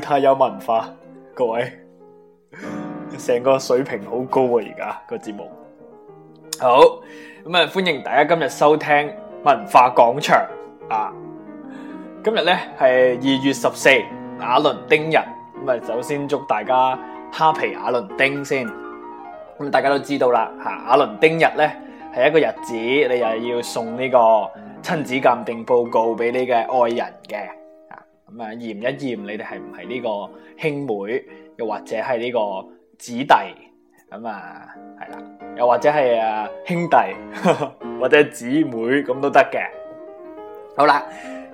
太有文化，各位，成個水平好高啊！而家個節目好咁啊，歡迎大家今日收聽文化廣場啊！今日咧係二月十四，亞倫丁日咁啊，首先祝大家哈皮亞倫丁先咁，大家都知道啦吓，亞倫丁日咧係一個日子，你又要送呢個親子鑒定報告俾你嘅愛人嘅。咁啊，驗一驗你哋係唔係呢個兄妹，又或者係呢個子弟，咁啊係啦，又或者係啊兄弟呵呵或者姊妹咁都得嘅。好啦，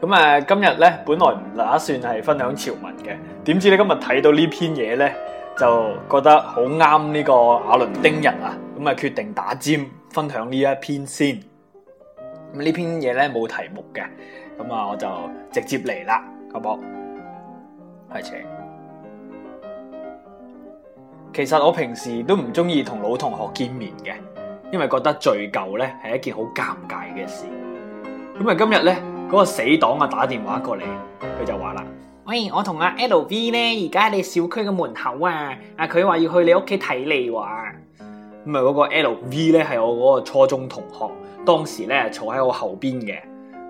咁啊今日咧本來唔打算係分享潮文嘅，點知咧今日睇到呢篇嘢咧，就覺得好啱呢個阿倫丁人啊，咁啊決定打尖分享呢一篇先。咁呢篇嘢咧冇題目嘅，咁啊我就直接嚟啦。阿伯，係請。其實我平時都唔中意同老同學見面嘅，因為覺得聚舊咧係一件好尷尬嘅事。咁啊，今日咧嗰個死黨啊打電話過嚟，佢就話啦：喂，我同阿 LV 咧而家喺你小區嘅門口啊，阿佢話要去你屋企睇你話。咁啊，嗰個 LV 咧係我嗰個初中同學，當時咧坐喺我後邊嘅。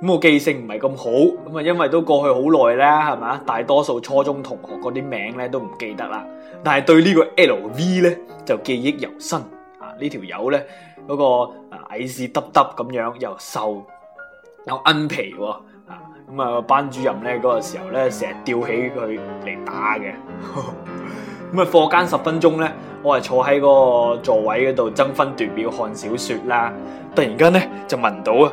咁我記性唔係咁好，咁啊因為都過去好耐啦，係嘛？大多數初中同學嗰啲名咧都唔記得啦，但係對呢個 LV 咧就記憶猶新啊！呢條友咧嗰個矮屎耷耷咁樣，又瘦又奀皮喎啊！咁啊班主任咧嗰個時候咧，成日吊起佢嚟打嘅。咁啊課間十分鐘咧，我係坐喺個座位嗰度爭分奪秒看小説啦。突然間咧就聞到啊！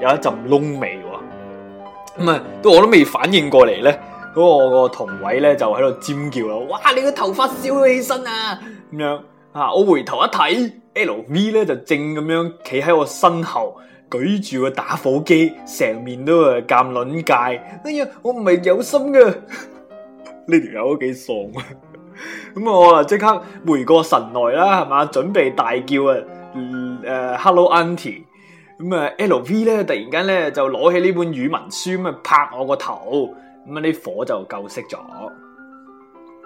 有一陣窿味喎，唔都我都未反應過嚟咧，嗰個同位咧就喺度尖叫啦，哇！你個頭髮燒起身啊，咁樣啊！我回頭一睇，LV 咧就正咁樣企喺我身後，舉住個打火機，成面都係夾輪戒，哎呀！我唔係有心㗎，呢條友都幾喪啊！咁我啊即刻回過神來啦，係嘛？準備大叫啊！誒、嗯，Hello，Auntie。呃 Hello, Auntie, .咁啊，L V 咧，突然間咧就攞起呢本語文書，咁啊拍我個頭，咁啊啲火就夠熄咗。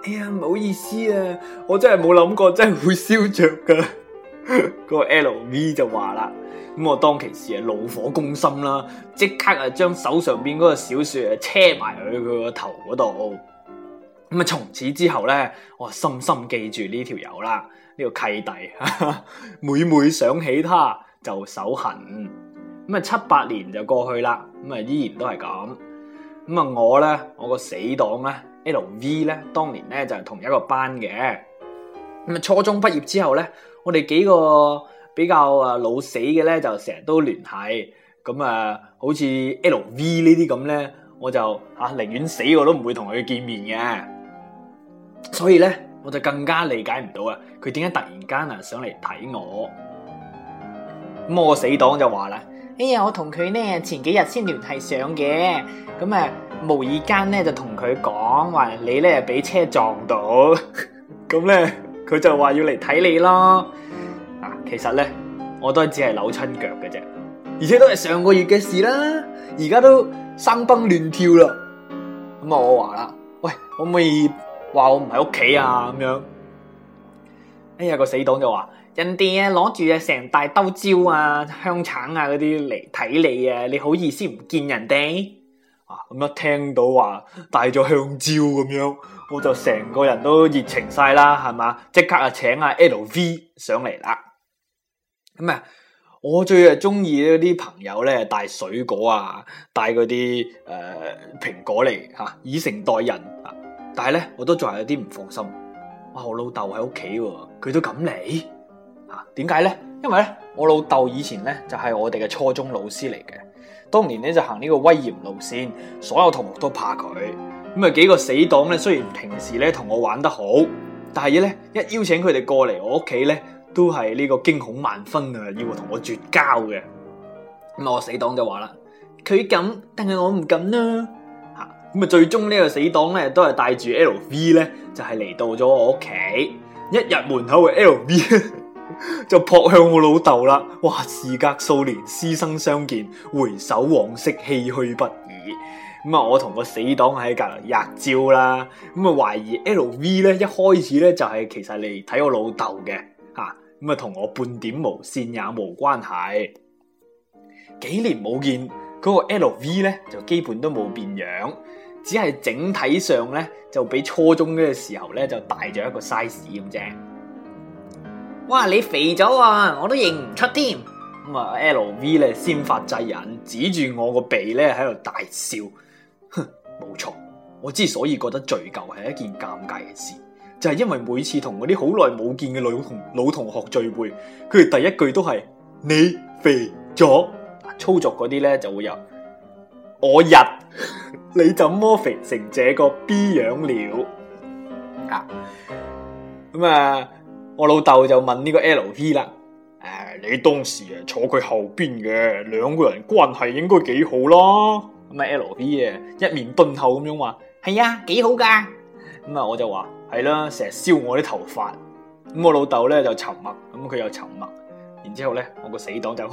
哎呀，唔好意思啊，我真係冇諗過真係會燒着噶。 個 L V 就話啦，咁我當其時啊，怒火攻心啦，即刻啊將手上邊嗰個小說啊，車埋去佢個頭嗰度。咁啊，從此之後咧，我深深記住呢條友啦，呢個契弟，每每想起他。就手痕，咁啊七八年就過去啦，咁啊依然都係咁。咁啊我咧，我個死黨咧，L V 咧，當年咧就係同一個班嘅。咁啊初中畢業之後咧，我哋幾個比較啊老死嘅咧，就成日都聯繫。咁、嗯、啊，好似 L V 呢啲咁咧，我就嚇、啊、寧願死我都唔會同佢見面嘅。所以咧，我就更加理解唔到啊，佢點解突然間啊上嚟睇我？咁個死黨就話啦，哎呀，我同佢咧前幾日先聯繫上嘅，咁啊無意間咧就同佢講話，你咧俾車撞到，咁咧佢就話要嚟睇你咯。啊，其實咧我都只係扭親腳嘅啫，而且都係上個月嘅事啦，而家都生崩亂跳咯。咁啊，我話啦，喂，可唔可以話我唔喺屋企啊？咁樣，哎呀，個死黨就話。人哋啊，攞住啊成大兜蕉啊、香橙啊嗰啲嚟睇你啊，你好意思唔見人哋？啊，咁一聽到話帶咗香蕉咁樣，我就成個人都熱情晒啦，係嘛？即刻啊，請阿 LV 上嚟啦。咁啊，我最啊中意嗰啲朋友咧帶水果啊，帶嗰啲誒蘋果嚟吓，啊，以誠待人。啊，但係咧，我都仲係有啲唔放心。哇，我老豆喺屋企，佢都敢嚟。點解呢？因為咧，我老豆以前咧就係我哋嘅初中老師嚟嘅，當年咧就行呢個威嚴路線，所有同學都怕佢。咁啊，幾個死黨咧，雖然平時咧同我玩得好，但係咧一邀請佢哋過嚟我屋企咧，都係呢個驚恐萬分啊，要同我絕交嘅。咁我死黨就話啦：佢敢，但係我唔敢啦。吓，咁啊，最終呢個死黨咧都係帶住 LV 咧，就係嚟到咗我屋企，一入門口嘅 LV。 就撲向我老豆啦！哇，事隔數年，師生相見，回首往昔，唏噓不已。咁啊，我同個死黨喺隔籬吔招啦。咁啊，懷疑 LV 咧，一開始咧就係其實嚟睇我老豆嘅吓。咁啊，同我半點無線也無關係。幾年冇見，嗰個 LV 咧就基本都冇變樣，只係整體上咧就比初中嘅時候咧就大咗一個 size 咁啫。哇！你肥咗啊，我都認唔出添。咁啊，L V 咧先發制人，指住我個鼻咧喺度大笑。哼，冇錯，我之所以覺得聚舊係一件尷尬嘅事，就係、是、因為每次同嗰啲好耐冇見嘅老同老同學聚會，佢哋第一句都係你肥咗。操作嗰啲咧就會有我日，你怎麼肥成這個 B 樣了？啊，咁啊。我老豆就問呢個 L V 啦，誒、啊，你當時啊坐佢後邊嘅，兩個人關係應該幾好啦。咁啊，L V 啊一面笨厚咁樣話，係啊，幾好噶。咁啊，我就話係啦，成日燒我啲頭髮。咁我老豆咧就沉默，咁佢又沉默。然之後咧，我個死黨就喪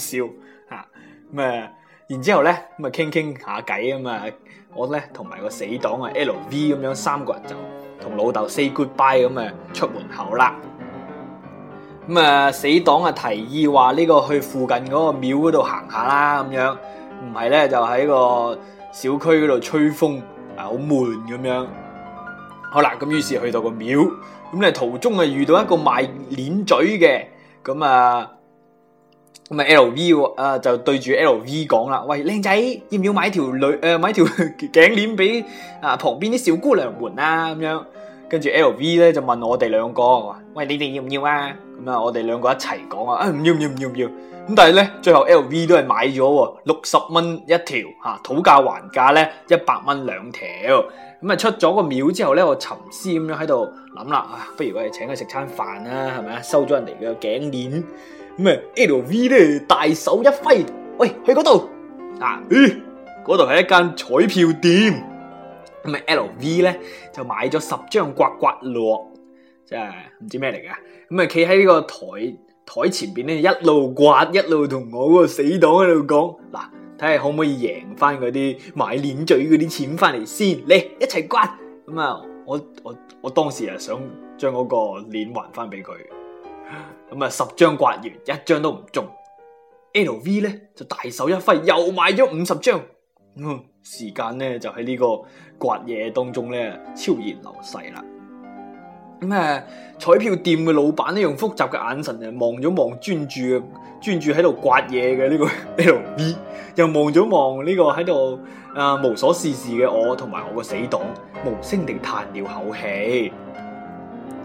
笑吓，咁啊，然之後咧咁啊傾傾下偈啊嘛，我咧同埋個死黨啊 L V 咁樣三個人就。同老豆 say goodbye 咁啊，出門口啦。咁啊，死黨啊提議話呢個去附近嗰個廟嗰度行下啦，咁樣唔係咧就喺個小區嗰度吹風啊，好悶咁樣。好啦，咁、啊、於是去到個廟，咁、啊、咧途中啊遇到一個賣鏈嘴嘅，咁啊，咁啊 LV 啊就對住 LV 講啦：喂，靚仔，要唔要買條女誒、啊、買條頸鏈俾啊旁邊啲小姑娘換啊？咁樣。跟住 LV 咧，就問我哋兩個，話喂，你哋要唔要啊？咁啊我哋兩個一齊講啊，啊唔要唔要唔要唔要，咁但係咧最後 LV 都係買咗喎，六十蚊一條吓，討價還價咧一百蚊兩條，咁啊出咗個廟之後咧，我沉思咁樣喺度諗啦，啊不如我哋請佢食餐飯啦，係咪啊收咗人哋嘅頸鏈，咁啊 LV 咧大手一揮，喂，去嗰度啊，咦，嗰度係一間彩票店。咁啊，L V 咧就買咗十張刮刮樂，即係唔知咩嚟㗎。咁啊，企喺呢個台台前面咧，一路刮，一路同我嗰個死黨喺度講，嗱，睇下可唔可以贏翻嗰啲買鏈嘴嗰啲錢翻嚟先。嚟一齊刮。咁啊，我我我當時啊想將嗰個鏈還翻俾佢。咁啊，十張刮完，一張都唔中。L V 咧就大手一揮，又買咗五十張。時間咧就喺呢個刮嘢當中咧悄然流逝啦。咁誒，彩票店嘅老闆咧用複雜嘅眼神忙忙的在的忙忙在啊望咗望專注嘅專注喺度刮嘢嘅呢個 L V，又望咗望呢個喺度啊無所事事嘅我同埋我個死黨，無聲地嘆了口氣。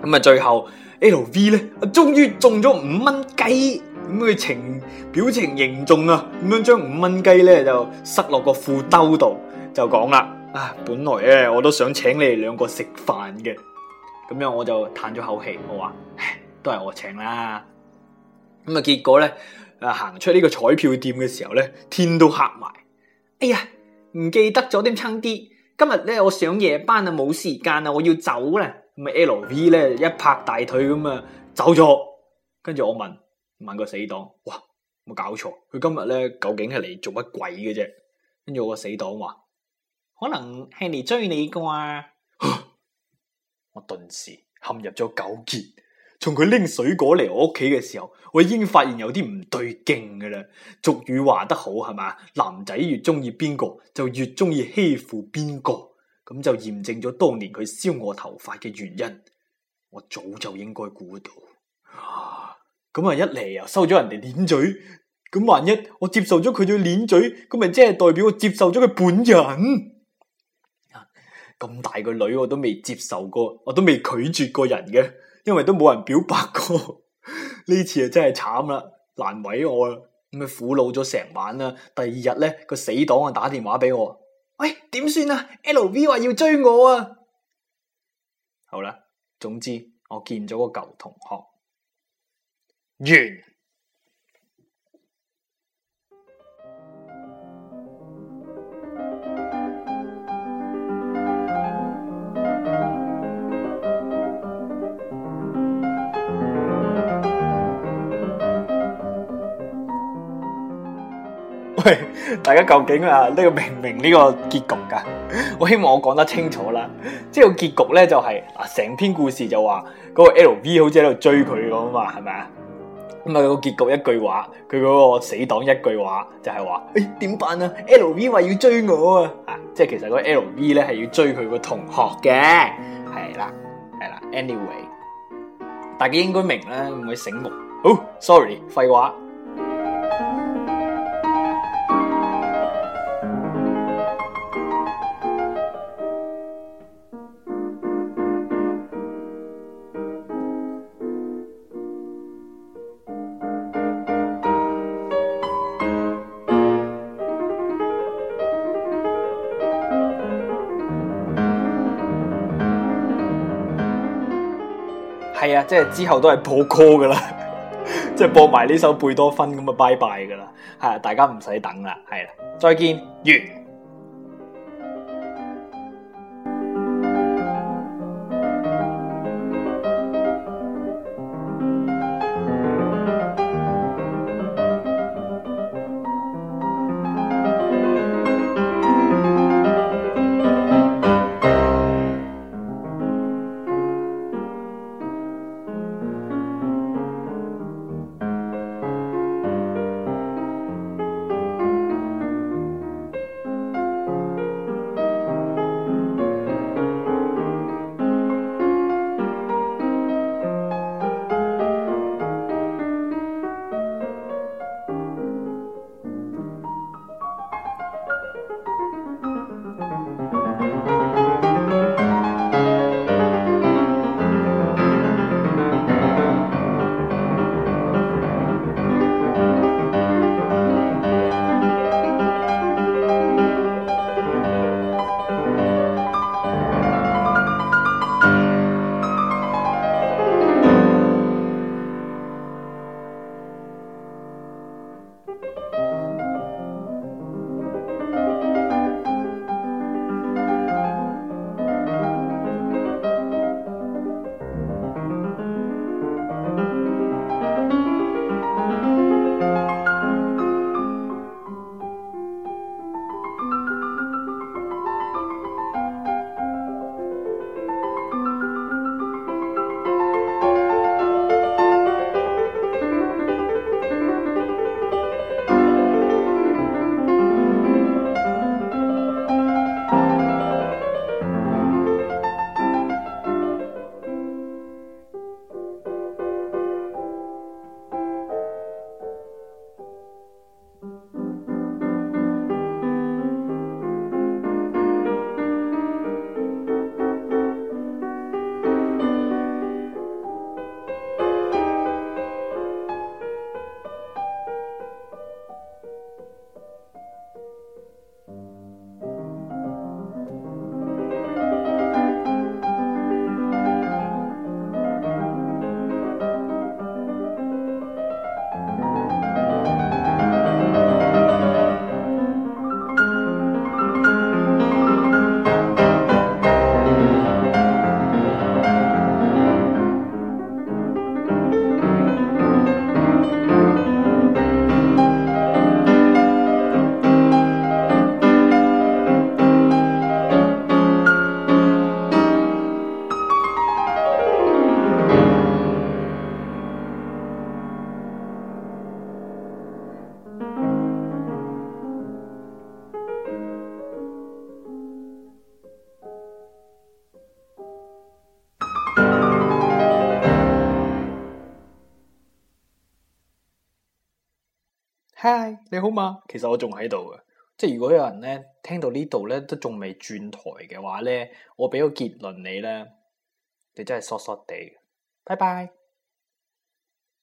咁啊，最後 L V 咧終於中咗五蚊雞。咁佢情表情凝重啊，咁樣將五蚊雞咧就塞落個褲兜度，就講啦，啊本來咧我都想請你哋兩個食飯嘅，咁樣我就嘆咗口氣，我話唉，都係我請啦。咁啊結果咧，啊行出呢個彩票店嘅時候咧，天都黑埋，哎呀唔記得咗點撐啲，今日咧我上夜班啊，冇時間啊，我要走啦。咁啊 LV 咧一拍大腿咁啊走咗，跟住我問。問個死黨，哇冇搞錯，佢今日咧究竟係嚟做乜鬼嘅啫？跟住我個死黨話，可能係嚟追你噶嘛，啊？我頓時陷入咗糾結。從佢拎水果嚟我屋企嘅時候，我已經發現有啲唔對勁噶啦。俗語話得好係嘛，男仔越中意邊個，就越中意欺負邊個。咁就驗證咗當年佢燒我頭髮嘅原因。我早就應該估到。咁啊！一嚟又收咗人哋舔嘴，咁萬一我接受咗佢嘅舔嘴，咁咪即係代表我接受咗佢本人？咁、啊、大個女我都未接受過，我都未拒絕過人嘅，因為都冇人表白過。呢 次啊真係慘啦，難為我啦！咁啊苦惱咗成晚啦。第二日咧、個死黨啊打電話俾我，喂，點算啊？LV 話要追我啊！好啦，總之我見咗個舊同學。完。喂，大家究竟啊、這、呢個明唔明呢個結局噶？我希望我講得清楚啦。即係個結局咧、就是，就係嗱，成篇故事就話嗰、那個 LV 好似喺度追佢咁嘛，係咪啊？咁啊個結局一句話，佢嗰個死黨一句話就係話，誒，點辦啊？LV 話要追我啊！啊，即係其實嗰 LV 咧係要追佢個同學嘅，係啦係啦，anyway，大家應該明啦，唔會醒目。好，sorry，廢話。係啊，即係之後都係播歌噶啦，即係播埋呢首貝多芬咁啊，的拜拜噶啦，係啊，大家唔使等啦，係啦，啊，再見，完。嗨，你好嗎？其實我仲喺度嘅，即係如果有人咧聽到呢度咧都仲未轉台嘅話咧，我畀個結論你咧，你真係嗦嗦地。拜拜。